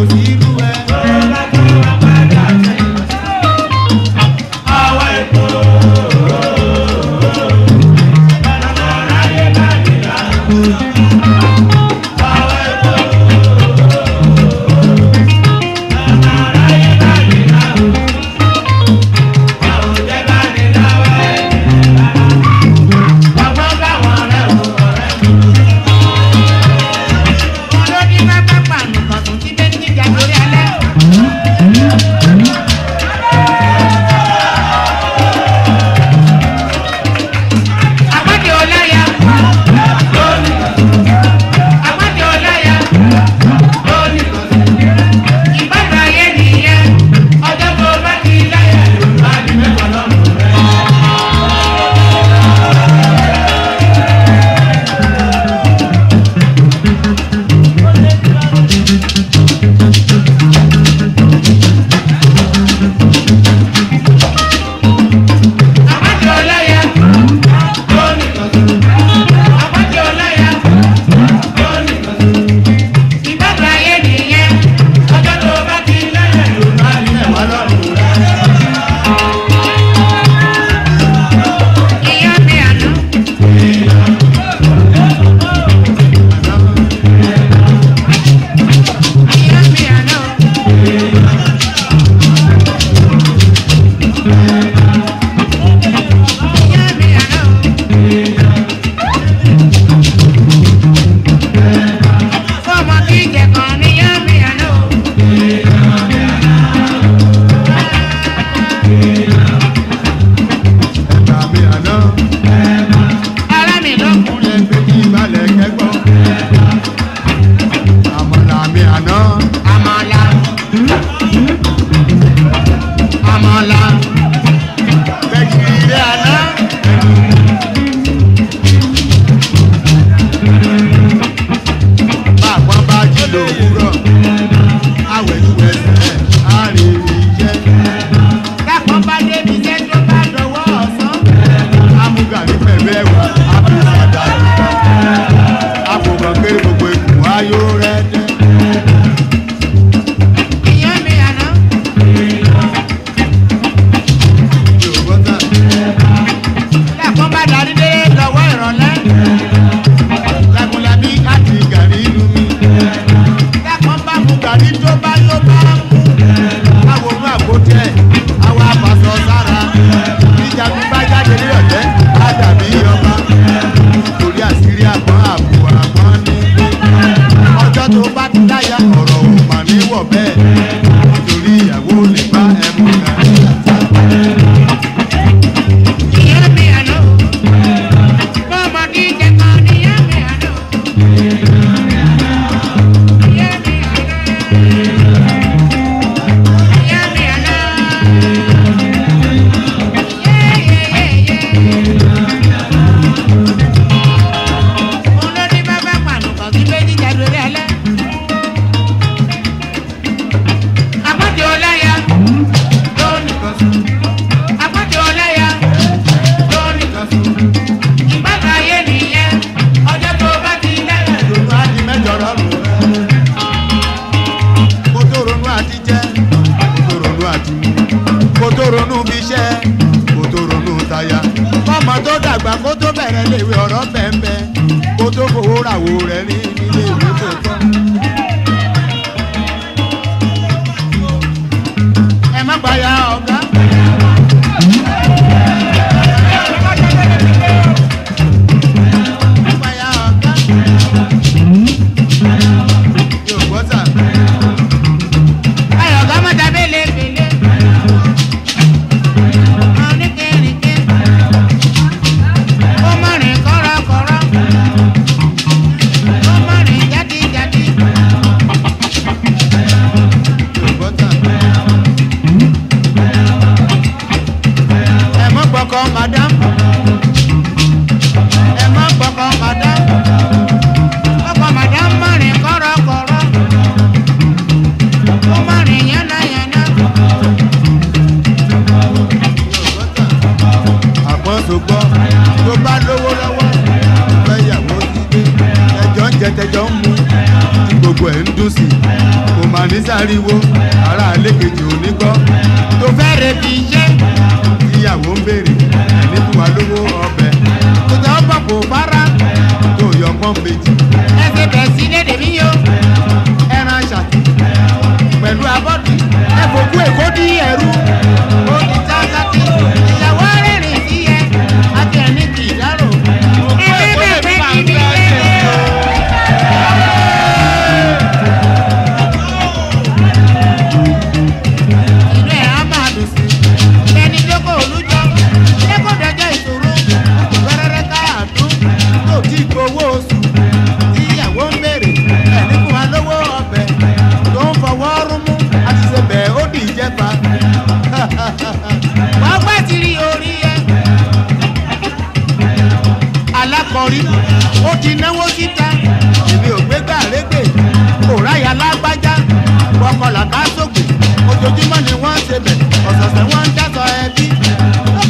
Rodrigo. rẹ léwe ọ̀rọ̀ bẹ́ẹ̀ bẹ́ẹ̀ kó tó fowó ràwọ̀ rẹ rí. gbọ́kàn madam ẹ má gbọ́kàn madam ọkọ̀ madam má rìn kọ́rọ́kọ́rọ́ ó má rìn yánnayànna. àpọ́nso gbọ́ tó bá lówó lọ́wọ́ fẹ́yàwó sílé ẹjọ́ ń jẹ tẹjọ́ ń mu gbogbo ẹ̀ ń dùn sí kò mà ní sáriwo ará àlékejì òní. wọ́n gbà tí rí orí ẹ. alákọ̀ọ́rí ó ti náwó síta èmi ò gbé gbàrégbè kò ráyà lágbájá wọ́kọ̀ làbá sókè ojoojúmọ́ ni wọ́n ṣe bẹ̀ ọ̀sọ̀ọ̀sẹ̀ wọ́n ń dásọ ẹbí.